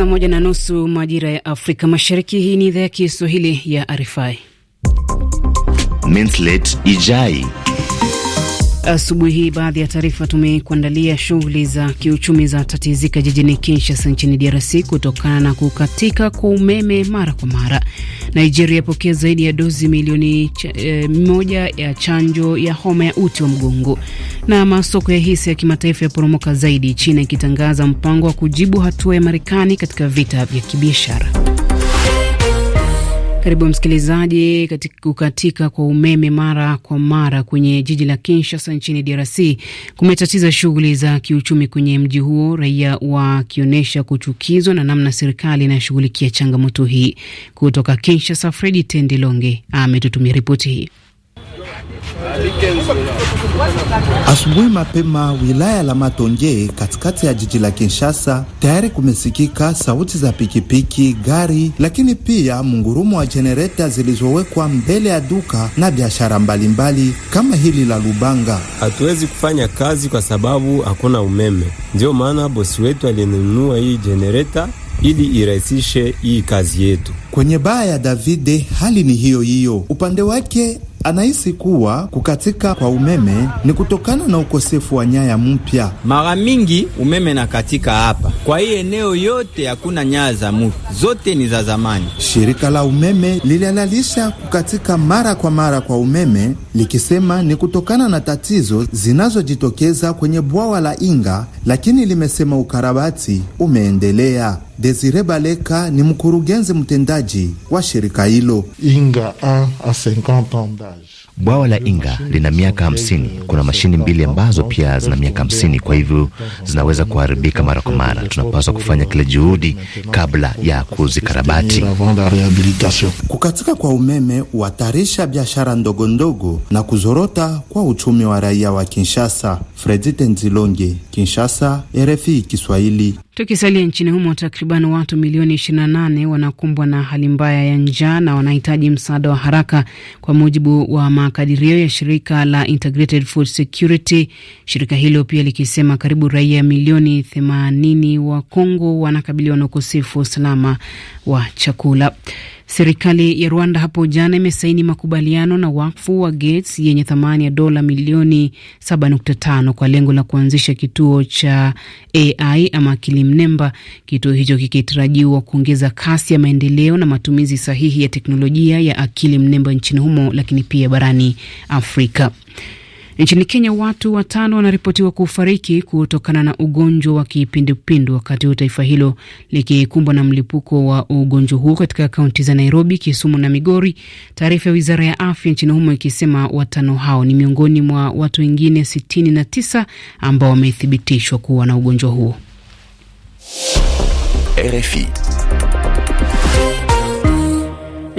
Saa moja na nusu majira ya Afrika Mashariki. Hii ni idhaa ya Kiswahili ya RFI. Ijai Asubuhi hii baadhi ya taarifa tumekuandalia. Shughuli za kiuchumi za tatizika jijini Kinshasa nchini DRC kutokana na kukatika kwa umeme mara kwa mara. Nigeria yapokea zaidi ya dozi milioni e, moja ya chanjo ya homa ya uti wa mgongo. Na masoko ya hisa ya kimataifa yaporomoka zaidi, China ikitangaza mpango wa kujibu hatua ya Marekani katika vita vya kibiashara. Karibu msikilizaji. Katika kukatika kwa umeme mara kwa mara kwenye jiji la Kinshasa nchini DRC kumetatiza shughuli za kiuchumi kwenye mji huo, raia wakionyesha kuchukizwa na namna serikali inayoshughulikia changamoto hii. Kutoka Kinshasa, Fredi Tendelonge ametutumia ripoti hii. Asubuhi mapema, wilaya la Matonge katikati ya jiji la Kinshasa, tayari kumesikika sauti za pikipiki, gari, lakini pia mngurumo wa jenereta zilizowekwa mbele ya duka na biashara mbalimbali kama hili la Lubanga. Hatuwezi kufanya kazi kwa sababu hakuna umeme, ndiyo maana bosi wetu alinunua hii jenereta ili irahisishe hii kazi yetu. Kwenye baa ya Davide hali ni hiyo hiyo. Upande wake anahisi kuwa kukatika kwa umeme ni kutokana na ukosefu wa nyaya mpya. Mara mingi umeme nakatika hapa kwa hii eneo yote, hakuna nyaya za mupya zote ni za zamani. Shirika la umeme lilihalalisha kukatika mara kwa mara kwa umeme likisema ni kutokana na tatizo zinazojitokeza kwenye bwawa la Inga, lakini limesema ukarabati umeendelea. Desire Baleka ni mkurugenzi mtendaji wa shirika hilo. Inga bwawa la Inga lina miaka hamsini. Kuna mashini mbili ambazo pia zina miaka hamsini, kwa hivyo zinaweza kuharibika mara kwa mara. Tunapaswa kufanya kila juhudi kabla ya kuzikarabati. Kukatika kwa umeme huhatarisha biashara ndogo ndogo na kuzorota kwa uchumi wa raia wa Kinshasa. Fredi Tenzilonge, Kinshasa, RFI Kiswahili. Tukisalia nchini humo, takriban watu milioni 28 wanakumbwa na hali mbaya ya njaa na wanahitaji msaada wa haraka, kwa mujibu wa makadirio ya shirika la Integrated Food Security, shirika hilo pia likisema karibu raia milioni 80 wa Kongo wanakabiliwa na ukosefu wa usalama wa chakula. Serikali ya Rwanda hapo jana imesaini makubaliano na wakfu wa Gates yenye thamani ya dola milioni 7.5 kwa lengo la kuanzisha kituo cha AI ama akili mnemba, kituo hicho kikitarajiwa kuongeza kasi ya maendeleo na matumizi sahihi ya teknolojia ya akili mnemba nchini humo, lakini pia barani Afrika. Nchini Kenya, watu watano wanaripotiwa kufariki kutokana na ugonjwa wa kipindupindu, wakati huu taifa hilo likikumbwa na mlipuko wa ugonjwa huo katika kaunti za Nairobi, Kisumu na Migori. Taarifa ya wizara ya afya nchini humo ikisema watano hao ni miongoni mwa watu wengine 69 ambao wamethibitishwa kuwa na ugonjwa huo. RFI.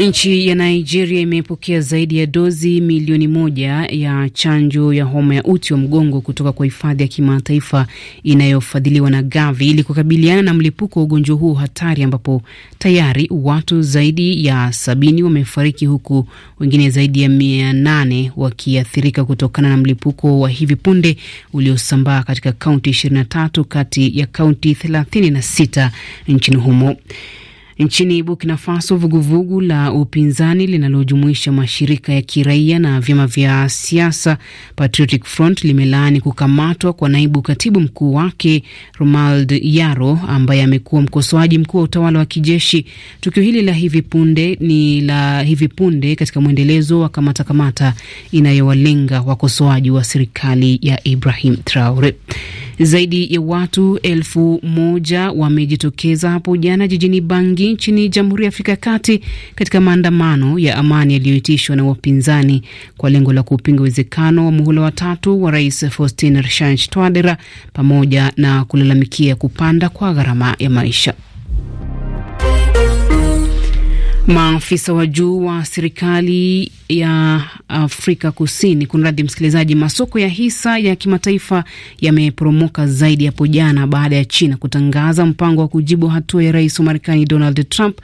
Nchi ya Nigeria imepokea zaidi ya dozi milioni moja ya chanjo ya homa ya uti wa mgongo kutoka kwa hifadhi ya kimataifa inayofadhiliwa na Gavi ili kukabiliana na mlipuko wa ugonjwa huo hatari, ambapo tayari watu zaidi ya sabini wamefariki huku wengine zaidi ya mia nane wakiathirika kutokana na mlipuko wa hivi punde uliosambaa katika kaunti 23 kati ya kaunti 36 nchini humo. Nchini Burkina Faso, vuguvugu la upinzani linalojumuisha mashirika ya kiraia na vyama vya siasa Patriotic Front limelaani kukamatwa kwa naibu katibu mkuu wake Romald Yaro ambaye amekuwa mkosoaji mkuu wa utawala wa kijeshi. Tukio hili la hivi punde ni la hivi punde katika mwendelezo wa kamata kamata inayowalenga wakosoaji wa serikali ya Ibrahim Traore. Zaidi ya watu elfu moja wamejitokeza hapo jana jijini Bangi nchini Jamhuri ya Afrika ya Kati katika maandamano ya amani yaliyoitishwa na wapinzani kwa lengo la kupinga uwezekano wa muhula watatu wa Rais Faustin Archange Touadera pamoja na kulalamikia kupanda kwa gharama ya maisha. Maafisa wa juu wa serikali ya Afrika Kusini, kunradhi msikilizaji, masoko ya hisa ya kimataifa yameporomoka zaidi hapo jana baada ya China kutangaza mpango wa kujibu hatua ya rais wa Marekani Donald Trump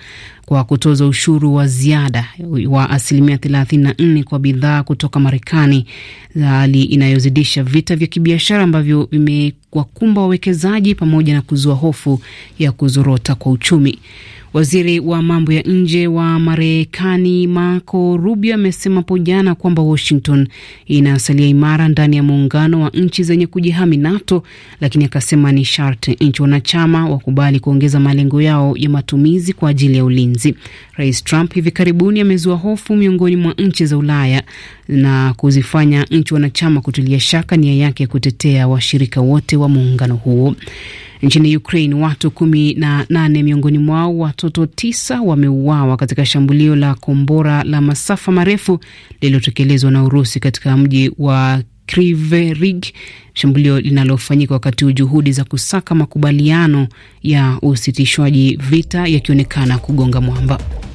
kwa kutoza ushuru wa ziada wa asilimia 34 kwa bidhaa kutoka Marekani, hali inayozidisha vita vya kibiashara ambavyo vimewakumba wawekezaji pamoja na kuzua hofu ya kuzorota kwa uchumi. Waziri wa mambo ya nje wa Marekani Marco Rubio amesema hapo jana kwamba Washington inasalia imara ndani ya muungano wa nchi zenye kujihami NATO, lakini akasema ni sharti nchi wanachama wakubali kuongeza malengo yao ya matumizi kwa ajili ya ulinzi. Rais Trump hivi karibuni amezua hofu miongoni mwa nchi za Ulaya na kuzifanya nchi wanachama kutilia shaka nia yake ya kutetea washirika wote wa muungano huo. Nchini Ukraine, watu kumi na nane miongoni mwao watoto tisa wameuawa katika shambulio la kombora la masafa marefu lililotekelezwa na Urusi katika mji wa Kryvyi Rih, shambulio linalofanyika wakati huu juhudi za kusaka makubaliano ya usitishwaji vita yakionekana kugonga mwamba.